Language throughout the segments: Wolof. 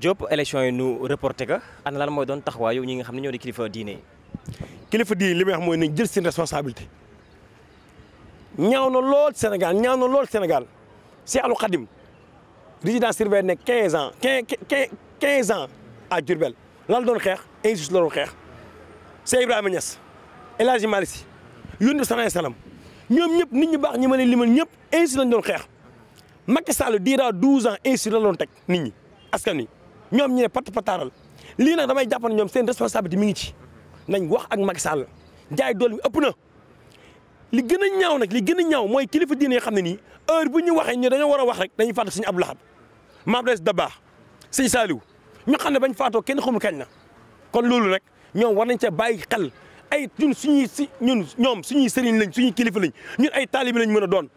Diop élection yi nu reporté ka ana lan mooy doon taxawaayu ñi nga xam ne ñoo di kilifa diine kilifa diine li may wax mooy nañ jël seen responsabilité ñaaw na lool Sénégal ñaaw na lool Sénégal Cheikh Alou Khadim résidence surveillée nekk 15 ans 15 15 ans à Diourbel lan doon xeex injustice la doon xeex Cheikh Ibrahima Niass El Hadj Malick Sy yónni salaay salaam ñoom ñëpp nit ñu baax ñi ma leen limal ñëpp injustice lañ doon xeex Macky Sall diiraa 12 ans injustice la doon teg nit ñi askan wi. ñoom ñu ne pat pataaral lii nag damay jàpp ñoom seen responsabilité mi ngi ci nañ wax ak Macky Sall jaay dool mi ëpp na li gën a ñaaw nag li gën a ñaaw mooy kilifa diine yoo xam ne nii heure bu ñu waxee ñu dañoo war a wax rek dañuy fàttali suñu Abdou Lahad Maam Abdoulaye Dabakh sëñ saaliw ñu xam ne bañ faatoo kenn xamul kañ na kon loolu rek ñoom war nañ ca bàyyi xel ay ñun suñuy si ñun ñoom suñuy sëriñ lañ suñuy kilifa lañ ñun ay taalibi lañ mën a doon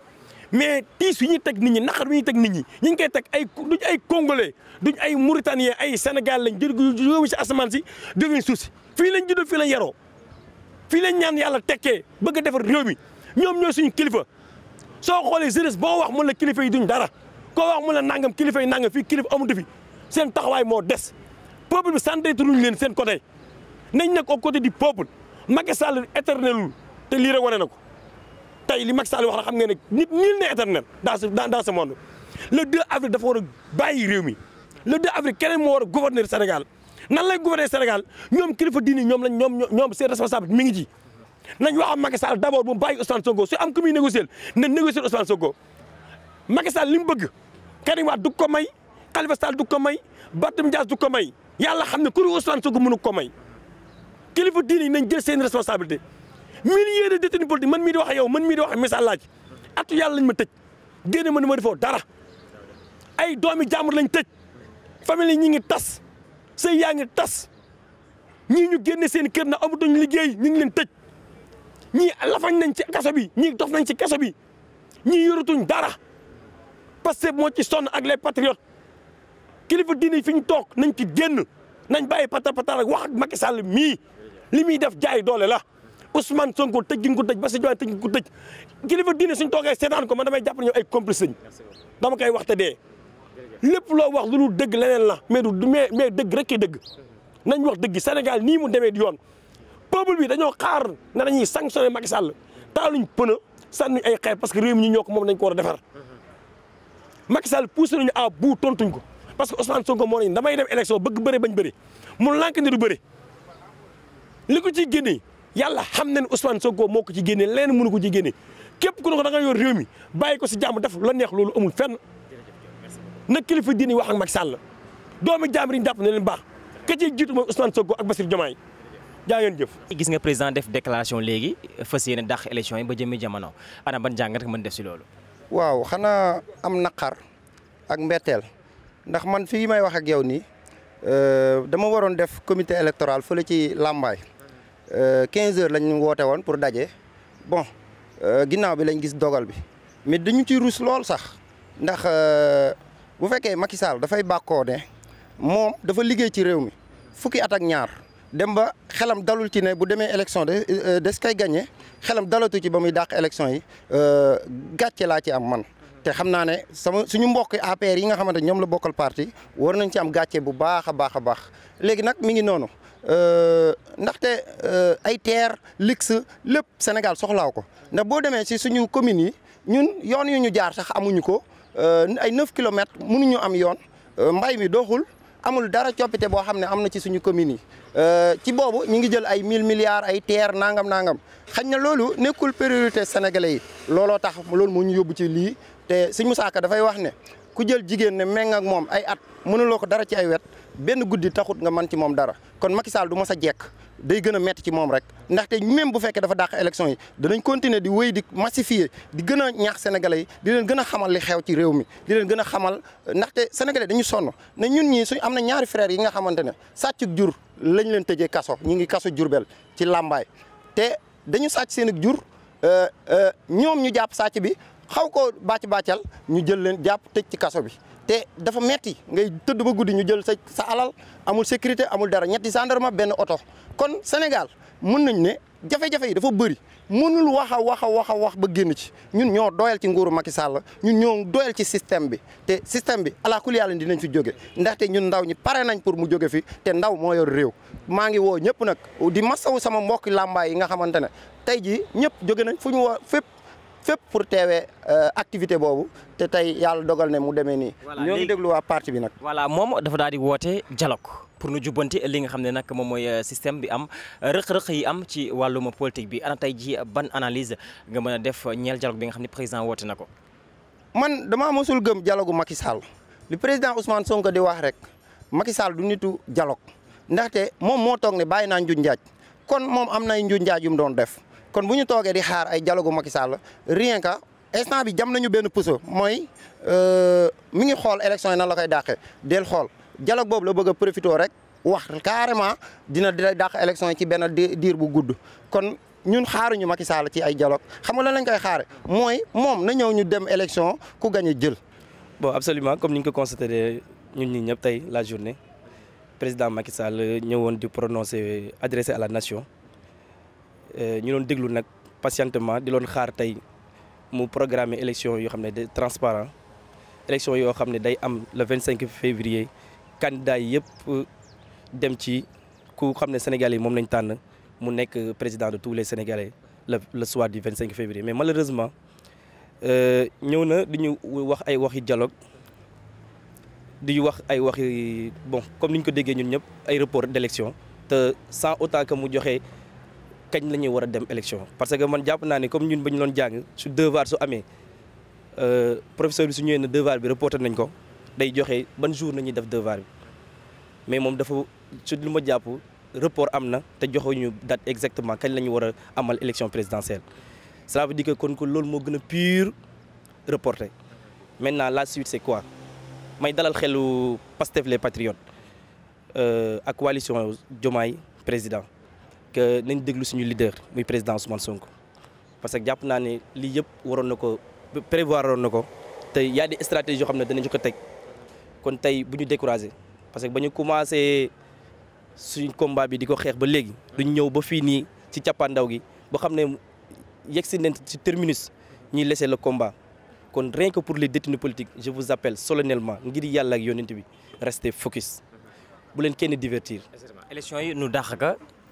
mais tiis yu ñuy teg nit ñi naqar yu ñuy teg nit ñi ñu ngi koy teg ay duñ ay congolais duñ ay mauritanien ay sénégal lañ jóge si asamaan si jóge suuf si fii lañ juddoo fii lañ yaroo fii lañ ñaan yàlla tekkee bëgg a defar réew mi ñoom ñooy suñu kilifa soo xoolee jeunesse boo wax mun la kilifa yi duñ dara koo wax mun la nangam kilifa yi nangam fii kilifa amatu fi seen taxawaay moo des peuple bi santeetuluñ leen seen côté nañ nag au côté du peuple Macky Sall éternel te lii wane na ko tey li Macky Sall wax la xam nga ne nit nul n'est éternel dans ce dans ce monde le 2 dafa war a bàyyi réew mi le 2 avril keneen moo war a gouverner Sénégal nan lay gouverner Sénégal ñoom kilifa diini ñoom lañ ñoom ñoom seen responsable mi ngi ci nañ wax ak Macky Sall d' abord mu bàyyi Ousmane Sonko su am ku muy négocier na négocier Ousmane Sonko Macky Sall li mu bëgg Karim Wade du ko may Khalifa Sall du ko may Barthélémy Dias du ko may yàlla xam ne kuréel Ousmane Sonko mënu ko may kilifa diini nañ jël seen responsabilité milliers de détenus politiques man mii di wax yow man mii di wax misaal laaj atu yàlla lañ ma tëj génne ma ne ma defoo dara ay doomi jàmbur lañ tëj famille ñi ngi tas sëy yaa ngi tas ñii ñu génne seen kër na amatuñ liggéey ñu ngi leen tëj ñii lafañ nañ ci kaso bi ñii dof nañ ci kaso bi ñii yoratuñ dara parce que moo ci sonn ak les patriotes kilifa diine yi fi ñu toog nañ ci génn nañ bàyyi patar patar wax ak Macky Sall mii li muy def jaay doole la Ousmane Sonko tëj gi nga ko tëj ba si joxe tëj gi ko tëj kilifa diine suñ toogee seetaan ko man damay jàpp ne ñoom ay complice lañ dama koy wax te dee lépp loo wax lu dul dëgg leneen la mais du mais mais dëgg rek kay dëgg nañ wax dëgg senegal nii mu demee di yoon peuple bi dañoo xaar ne dañuy sanctionné Macky Sall taaluñ pëna sànnuñ ay xeer parce que réew mi ñu ñoo ko moom dañ ko war a defar Macky a poussé nañu à bout tontuñ ko parce que Ousmane Sonko moo nañ damay dem élection bëgg bëri bañ bëri mu lànk ne du bëri li ko ciy génnee yàlla xam na ne Ousmane Sonko moo ko ci génne leen mënu ko ci génne képp ku ne ko da nga yor réew mi bàyyi ko si jàmm def la neex loolu amul fenn na kilifa diini wax ak mag sàll doomi jàmbur yi ñu jàpp na leen baax ka ciy jiitu mooy Ousmane Sonko ak Bassirou Diomaye jaa ngeen jëf. gis nga président def déclaration léegi fa yéene dàq élection yi ba jëmmi jamono ana ban jàngat nga mën def si loolu. waaw xanaa am naqar ak mbetteel ndax man fi may wax ak yow nii euh, dama waroon def comité électoral fële ci Lambaye. 15 euh, heures lañ woote woon pour daje bon euh, ginnaaw bi lañ gis dogal bi mais dañu ci rus lool sax ndax euh, bu fekkee Macky Sall dafay bàkkoo ne moom dafa liggéey ci réew mi fukki atak ñaar dem ba xelam dalul ci ne bu demee élection de des koy gagné xelam dalatu ci ba muy dàq élection yi gàcce laa ci am man. te xam naa ne sama suñu mbokk APR yi nga xamante ñoom la bokkal parti war nañ ci am gàccee bu baax a baax a baax léegi nag mi ngi noonu. Euh, ndaxte euh, ay terre luxe lépp Sénégal soxlaaw ko ndax boo demee si suñu communes yi ñun yoon yu ñu jaar sax amuñu ko euh, ay 9 kilomètres mënuñu am yoon mbay mi doxul amul dara coppite boo xam ne am na ci suñu communes yi ci boobu ñu ngi jël ay 1000 milliards ay terre nangam nangam xañ na loolu nekkul priorité sénégalais yi looloo tax loolu moo ñu yóbbu ci lii te Sëñ Moussa dafay wax ne. ku jël jigéen ne méng ak moom ay at mënuloo ko dara ci ay wet benn guddi taxut nga man ci moom dara kon Macky Sall du mës a jekk day gën a metti ci moom rek ndaxte même bu fekkee dafa dàq élection yi danañ continuer di wéy di massifier di gën a ñaax sénégalais yi di leen gën a xamal li xew ci réew mi di leen gën a xamal ndaxte sénégalais dañu sonn na ñun ñii suñ am na ñaari frères yi nga xamante ne sàccug jur lañ leen tëjee kaso ñu ngi kaso Jurbel ci làmbaay te dañu sàcc seen jur euh, euh, ñoom ñu jàpp sàcc bi xaw koo bàcc bàccal ñu jël leen jàpp tëj ci kaso bi te dafa metti ngay tëdd ba guddi ñu jël sa sa alal amul sécurité amul dara ñetti gendarme benn oto kon Sénégal mën nañ ne jafe-jafe yi dafa bëri mënul wax a wax a wax a wax ba génn ci ñun ñoo doyal ci nguuru Macky Sall ñun ñoo doyal ci système bi te système bi alaa kulli yàlla dinañ fi jóge ndaxte ñun ndaw ñi pare nañ pour mu jóge fi te ndaw moo yor réew maa ngi woo ñëpp nag di masawu sama mbokki làmbaay yi nga xamante ne tey jii ñëpp nañ fépp fépp pour teewee euh, activité boobu te tey yàlla dogal ne mu demee nii. ñoo ngi déglu waa parti bi nag. voilà moom dafa daal di woote dialogue pour nu jubbanti li nga xam ne nag moom mooy euh, système bi am rëq-rëq yi am ci wàllum politique bi ana tey ji ban analyse nga mën a def ñeel dialogue bi nga xam ne président woote na ko. man damaa mosul gëm dialogue gu Macky Sall li président Ousmane Sonko di wax rek Macky Sall du nitu dialogue ndaxte moom moo toog ne bàyyi naa nju njaaj kon moom am nay nju njaaj yu mu doon def. kon bu ñu toogee di xaar ay dialogue Macky Sall rien que instant bi jam nañu benn puso mooy euh, mu ngi xool élection yi nan la koy dàqee del xool dialogue boobu la bëgg a profité rek wax carrément dina dina dàq élection yi ci benn diir bu gudd kon ñun xaaruñu Macky Sall ci ay dialogue xam nga lan lañ koy xaare mooy moom na ñëw ñu dem élection ku gañ jël bon absolument comme ni ñu ko constaté ñun ñi ñëpp tey la journée président Macky ñëwoon di prononcer adressé à la nation Euh, ñu doon déglu nag patientement di loon xaar tey mu programme élection yoo xam ne de transparent élection yoo xam ne day am le 25 février candidat yi yëpp euh, dem ci ku xam ne Sénégalais yi moom lañ tànn mu nekk président de tous les Sénégalais le le soir du 25 février mais malheureusement euh, ñëw na di wax ay waxi dialogue di wax ay waxi bon comme ni ñu ko déggee ñun ñëpp ay report d'élection te sans autant que mu joxe. kañ la ñuy war a dem élection parce que man jàpp naa ne comme ñun ba ñu jàng su devoir su amee euh, professeur bi su ñëwee na devoir bi reporté nañ ko day joxe ban jour nañuy def devoir bi mais moom dafa su lu ma jàpp report am na te ñu date exactement kañ la ñu war a amal élection présidentielle cela veut dire que kon ko loolu moo gën a pur reporté maintenant la suite c'est quoi may dalal xelu Pastef les patriotes euh, ak coalition jomaay président que nañ déglu suñu leader muy président Ousmane Sonko parce que jàpp naa ne lii yëpp waroon na ko prévoir waroon na ko tey y de des stratégies xam ne danañu ko teg kon tey bu ñu découragé parce que ba ñu commencé suñ combat bi di ko xeex ba léegi duñ ñëw ba fii nii ci cappaandaw gi boo xam ne yegg si nañ ci terminus ñuy laisser le combat kon rien que pour le détenus politiques je vous appelle solennellement ngir yàlla ak yonent bi restez focus bu leen kenn divertir. élection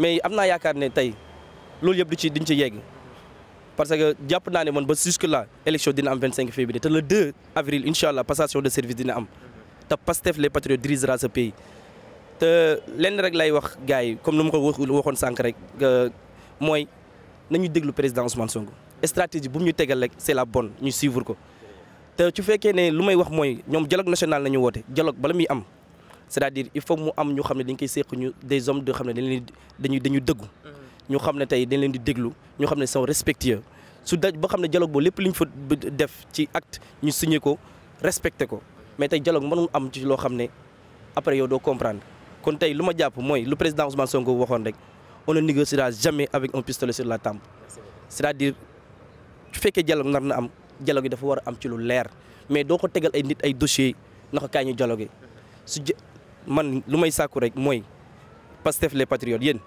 mais am naa yaakaar ne tey loolu yëpp du ci diñ ci yegg parce que jàpp naa ne man ba jusque la élection dina am 25 février te le 2 avril incha allah passation de service dina am te Pastef les patriotes dirigera ce pays. te lenn rek lay wax gars yi comme nu ma ko waxoon sànq rek mooy na ñu déglu président Ousmane Sonko stratégie bu ñu tegal rek c'est la bonne ñu suivre ko te su fekkee ne lu may wax mooy ñoom dialogue national ñu woote dialogue bala muy am. c'est-à-dire il faut mu am ñu xam ne dañ koy séq ñu des hommes de xam ne dañ leen dañu dañu dëggu mm-hmm. ñu xam ne tey dañ leen di déglu ñu xam ne sont respectueux su daj boo xam ne dialogue boobu lépp li ñu fa def ci acte ñu signé ko respecté ko mais tey jaloog mënul am ci loo xam ne après yow doo comprendre kon tey lu ma jàpp mooy lu président Ousmane Sonko waxoon rek on ne négociera jamais avec un pistolet sur la tempe c'est-à-dire su fekkee dialogue nar na am dialogue yi dafa war a am ci lu leer mais doo ko tegal ay nit ay dossiers na ko kaay man lu may sàkku rek mooy Pastef les patriotes yéen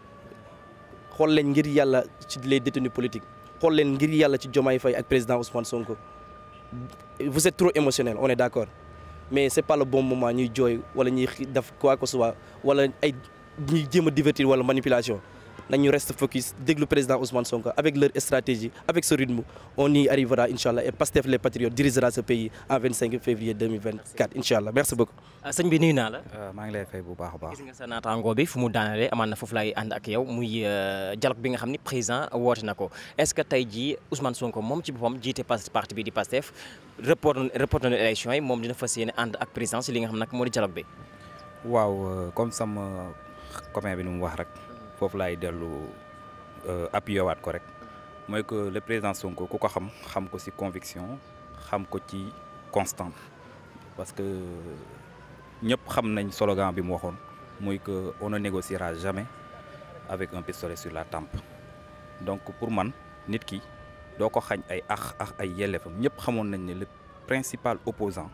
xool leen ngir yàlla ci les détenus politiques xool leen ngir yàlla ci Diomaye fay ak président Ousmane Sonko vous êtes trop émotionnel on est d'accord mais c'est pas le bon moment ñuy jooy wala ñuy def quoi que ce soit wala ay ñuy jéem a divertir wala manipulation nañu reste focus déglu président Ousmane Sonko avec leur stratégie avec ce rythme on y arrivera incha allah et Pastef les patriotes dirigera ce pays en février 2024 merci beaucoup. Ah, sëñ bi nuyu naa la. Euh, maa ngi lay fay bu baax a baax. gis nga sa naataangoo bi fu mu daanalee amaan na foofu laay ànd ak yow muy euh, dialogue bi nga xam ni président woote na ko est-ce que tey jii Ousmane Sonko moom ci boppam jiite parti bi di Pastef report report na élection yi moom dina fas yéene ànd ak président si li waaw euh, comme sama copain bi nu mu wax rek. foofu laay dellu euh, appuyé waat ko rek mooy que le président Sonko ku ko xam xam ko ci conviction xam ko ci constant parce que ñëpp xam nañ slogan bi mu waxoon mooy que on ne négociera jamais avec un pistolet sur la tempe donc pour man nit ki doo ko xañ ay ax ax ay yelleefam ñëpp xamoon nañ ne le principal opposant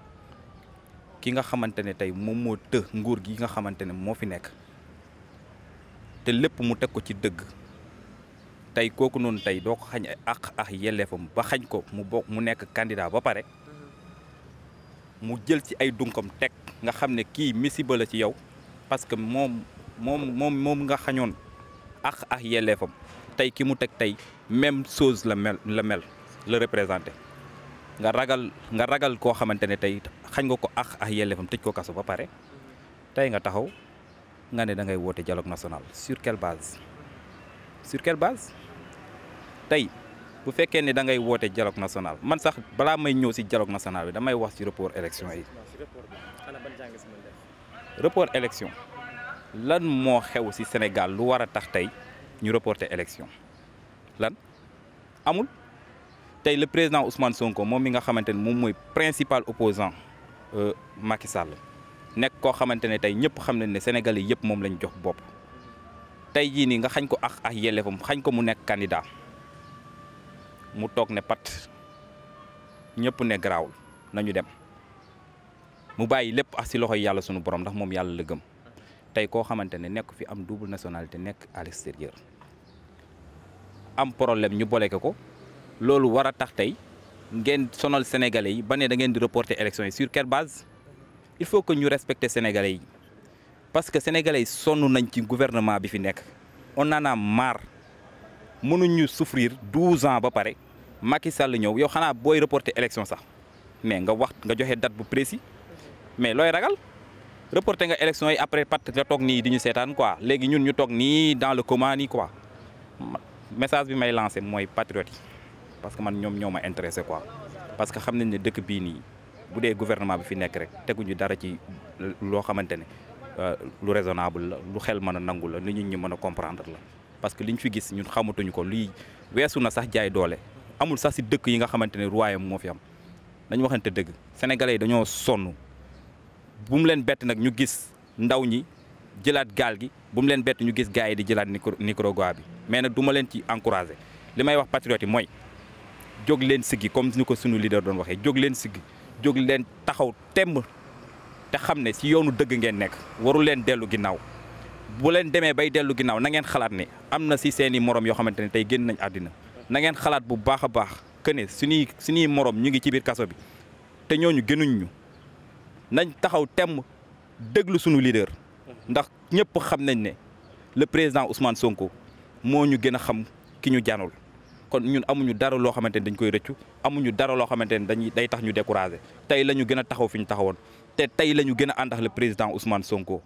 ki nga xamante ne tey moom moo të nguur gi nga xamante ne moo fi nekk te lépp mu teg ko ci dëgg tey kooku noonu tey doo ko xañ ak ak yelleefam ba xañ ko mu bokk mu nekk candidat ba pare mu jël ci ay dunkam teg nga xam ne kii misiba la ci yow parce que moom moom moom moom nga xañoon ak ak yelleefam tey ki mu teg tey même chose la mel la mel la représenté nga ragal nga ragal koo xamante ne tey xañ nga ko ak ak yelleefam ko kaso ba pare tey nga taxaw nga ne da ngay woote dialogue national sur quelle base sur quelle base tey bu fekkee ne da ngay woote dialogue national man sax balaa may ñëw si dialogue national bi damay wax ci report élection yi report élection lan moo xew si Sénégal lu war a tax tey ñu reporter élection lan amul tey le président Ousmane Sonko moom mi nga xamante ne moom mooy principal opposant euh, Macky Sall nekk koo xamante ne tey ñëpp xam nañ ne Sénégalais yëpp moom lañu jox bopp tey jii nii nga xañ ko ak ak yelleefam xañ ko mu nekk candidat mu toog ne pat ñëpp ne garaawul nañu dem mu bàyyi lépp ak si loxoy yàlla sunu borom ndax moom yàlla la gëm tey koo xamante ne nekk fi am double nationalité nekk à l'extérieur am problème ñu boleke ko loolu war a tax tey ngeen sonal sénégalais yi ba ne da ngeen di reporter élection yi sur quelle base il faut que ñu respecter sénégalais yi parce que sénégalais yi sonn nañ ci gouvernement bi fi nekk on en a marre mënuñu souffrir douze ans ba pare Macky Sall ñëw yow xanaa booy reporter élection sax mais nga wax nga joxe date bu précis mais looy ragal reporter nga élection yi après pat nga toog nii di ñu seetaan quoi léegi ñun ñu toog nii dans le coma nii quoi message bi may lancé mooy patriote yi parce que man ñoom ñoo ma intéressé quoi parce que xam nañ ne dëkk bii nii. bu dee gouvernement bi fi nekk rek teguñu dara ci loo xamante ne euh, lu raisonnable la lu xel man a nangu la lu ñu ñi mën a comprendre la parce que ñu fi gis ñun xamatuñu ko luy weesu na sax jaay doole amul sax si dëkk yi nga xamante ne royaume moo fi am dañu waxante dëgg sénégalais yi dañoo sonn bu mu leen bett nag ñu gis ndaw ñi jëlaat gaal gi bu mu leen bett ñu gis gars yi di jëlaat Nicaragua bi mais nag du leen ci encouragé li may wax patriote yi mooy jóg leen siggi comme ni ko sunu leader doon waxee jóg leen siggi jóg leen taxaw temm te xam ne si yoonu dëgg ngeen nekk waru leen dellu ginnaaw bu leen demee bay dellu ginnaaw na ngeen xalaat ne am na si seeni moroom yoo xamante ne tey génn nañ àddina nangeen xalaat bu baax a baax que ne suñuy suñuy moroom ñu ngi ci biir kaso bi te ñooñu gënuñ ñu nañ taxaw temm déglu suñu leader ndax ñëpp xam nañ ne le président Ousmane Sonko moo ñu gën a xam ki ñu jaanul kon ñun amuñu dara loo xamante ni dañ koy rëccu amuñu dara loo xamante ni dañuy day tax ñu découragé tey la ñu gën a taxaw fi ñu taxawoon te tey la ñu gën a ànd ak le président Ousmane Sonko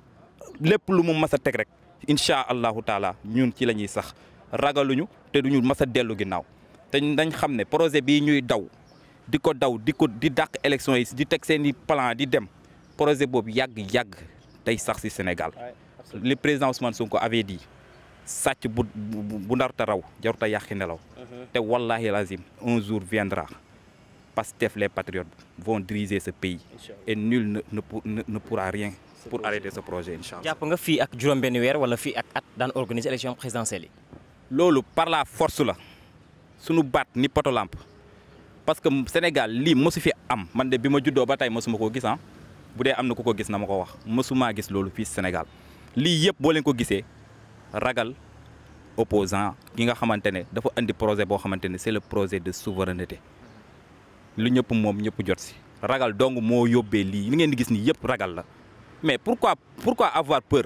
lépp lu mu mas a teg rek incha allahu taala ñun ci la ñuy sax ragaluñu te duñu mas a dellu ginnaaw te dañ xam ne projet bii ñuy daw di ko daw di ko di dàq élection yi di teg seen i plan di dem projet boobu yàgg-yàgg tey sax si Sénégal le président Ousmane Sonko avait dit sàcc bu bu bu ndarta raw jaruta yàqi nelaw te wallahi l'azim un jour viendra Pastef les patriotes vont diriger ce pays et nul ne ne, pour ne rien pour arrêter sa projet inchallah jàpp nga fii ak juróom-benn weer wala fii ak at daan organiser élection présidentielle yi loolu par la force la sunu baat ni poto lampe parce que Sénégal lii mosu fi am man de bi ma juddoo ba tey mosuma koo gis ah bu dee am na ku ko gis na ma ko wax maa gis loolu fii Sénégal lii yëpp boo leen ko gisee ragal opposant ki nga xamante ne dafa indi projet boo xamante ne c'est le projet de souveraineté lu ñëpp moom ñëpp jot si ragal dong moo yóbbee lii li ngeen di gis nii yëpp ragal la mais pour pourquoi avoir peur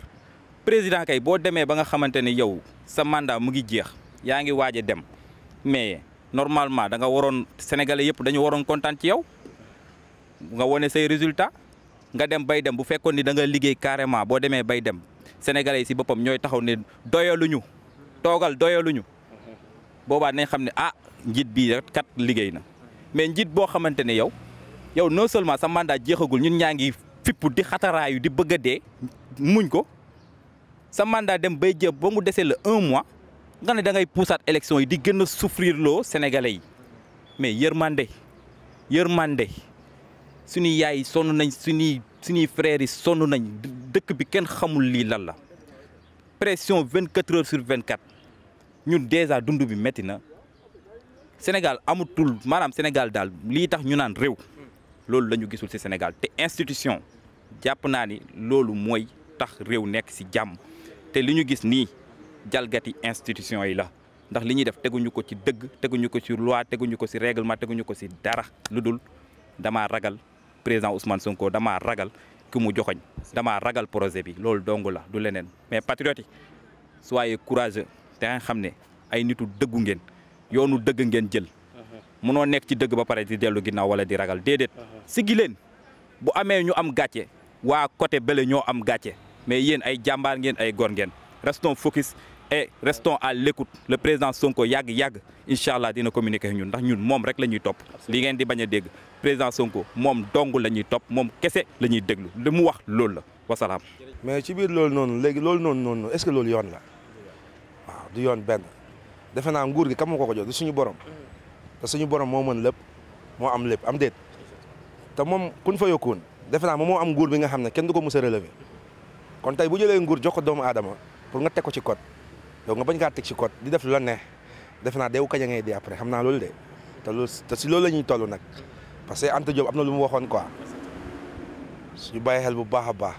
président kay boo demee ba nga xamante ne yow sa mandat mu ngi jeex yaa ngi waaj a dem mais normalement da nga waroon sénégalais yëpp dañu waroon kontaan ci yow nga wane say résultat nga dem bay dem bu fekkoon ni da nga liggéey carrément boo demee bay dem sénégalais yi si boppam ñooy taxaw ne doyaluñu toogal doyaluñu boobaa nañ xam ne ah njiit bii rek kat liggéey na mais njiit boo xamante ne yow yow non seulement sa mandat jeexagul ñun ñaa ngi fipp di xataraayu di bëgg a dee muñ ko sa dem bay jëm ba mu desee la un mois nga ne da ngay puusaat élection yi di gën a souffrir loo yi mais yërmande yërmande suñuy yaay sonn nañ suñuy suñuy frères sonn nañ dëkk bi kenn xamul lii lan la pression vingt quatre heures sur vingt quatre ñun déjà dund bi métti na Sénégal amutul maanaam Sénégal daal lii tax ñu naan réew loolu lañu gisul ci Sénégal te institution jàpp naa ni loolu mooy tax réew nekk ci jàmm te li ñu gis nii jalgati institution yi la ndax li ñuy def teguñu ko ci dëgg teguñu ko ci loi teguñu ko ci règlement teguñu ko ci dara lu dul damaa ragal président Ousmane Sonko damaa ragal ki mu joxoñ damaa ragal projet bi loolu dong la du leneen mais patriote yi soyez courageux da nga xam ne ay nitu dëggu ngeen yoonu dëgg ngeen jël munoo nekk ci dëgg ba pare di dellu ginnaaw wala di ragal déedéet siggi leen bu amee ñu am gàcce waa côté bële ñoo am gàcce mais yéen ay jàmbaar ngeen ay gor ngeen restons focus et restons à l'écoute le président Sonko yàgg-yàgg incha allah dina communiquer ñun ndax ñun moom rek la ñuy topp li ngeen di bañ a dégg président Sonko moom dong la ñuy topp moom kese la ñuy déglu li mu wax loolu la wasalaam mais ci biir loolu noonu léegi loolu noonu noonu loolu yoon la du yoon benn defe naa nguur gi kam ko ko jox du suñu borom te suñu borom moo mën lépp moo am lépp am déet te moom kun fa yokkuwoon defe naa moom moo am nguur bi nga xam ne kenn du ko mos a kon tey bu jëlee nguur jox ko doomu aadama pour nga teg ko ci code yow bañ kaa teg ci code di def lu la neex defenaa naa deewu kañ a ngay dee après xam naa loolu de te loolu te si loolu la ñuy toll nag parce que Anta Diop am na lu mu waxoon quoi suñu bàyyi xel bu baax a baax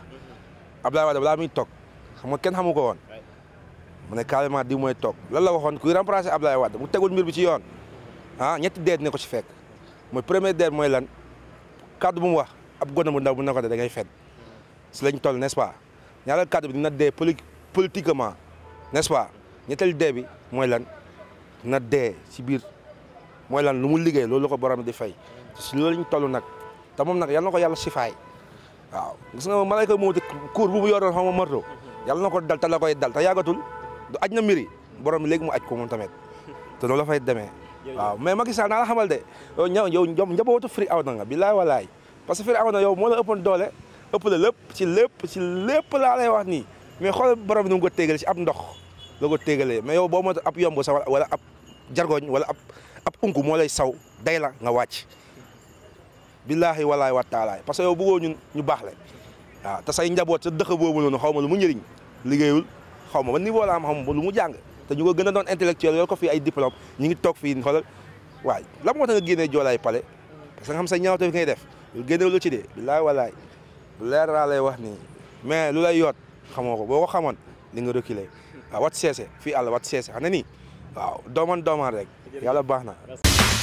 Abdoulaye Wade balaa muy toog xam nga kenn xamu ko woon. mu ne carrément di mooy toog lan la waxoon kuy remplacer Abdoulaye Wade mu tegul mbir bi ci yoon ah ñetti deet ne ko si fekk mooy premier deet mooy lan kaddu bu mu wax ab gone bu ndaw bu ne ko da ngay fen lañ toll n'est-ce pas ñaareel bi dina dee politiquement n'est-ce pas ñetteel dee bi mooy lan na dee si biir mooy lan lu mu liggéey loolu la ko borom di fay si loolu lañ toll nag te moom nag yal na ko yàlla sifaay waaw gis nga malayka moo te kuur bu mu yoroon xaw ma marto yàlla na ko dal te la koy dal te yàggatul du aj na mbiri borom léegi mu aj ko moom tamit te noonu la fay demee waaw mais Macky Sall naa la xamal de ñow yow njabootu firi aw na nga bilaay walaay parce que firi aw na yow moo la ëppoon doole ëpp la lépp ci lépp ci lépp laa lay wax nii mais xool borom bi nu mu ko téegale si ab ndox la ko téegalee mais yow boo moytu ab yomb sa wala ab jargoñ wala ab ab unku moo lay saw day la nga wàcc billaahi walaay wa taalaay parce que yow bëggoo ñu baax le waaw te say njaboot sa dëkk boobu noonu xaw ma mu njëriñ liggéeyul xaw ma ba niveau la am xaw ma lu mu jàng te ñu ko gën a doon intellectuel yor ko fii ay diplôme ñu ngi toog fii xoolal waay la moo tax nga génnee joolaay pale parce que nga xam sa ñaawte fi ngay def génne lu ci de bilaay walaay leer laa lay wax ni mais lu lay yoot xamoo ko boo ko xamoon li nga reculer waaw wat seese fii àll wat seese xam na nii waaw dooman dooman rek yàlla baax na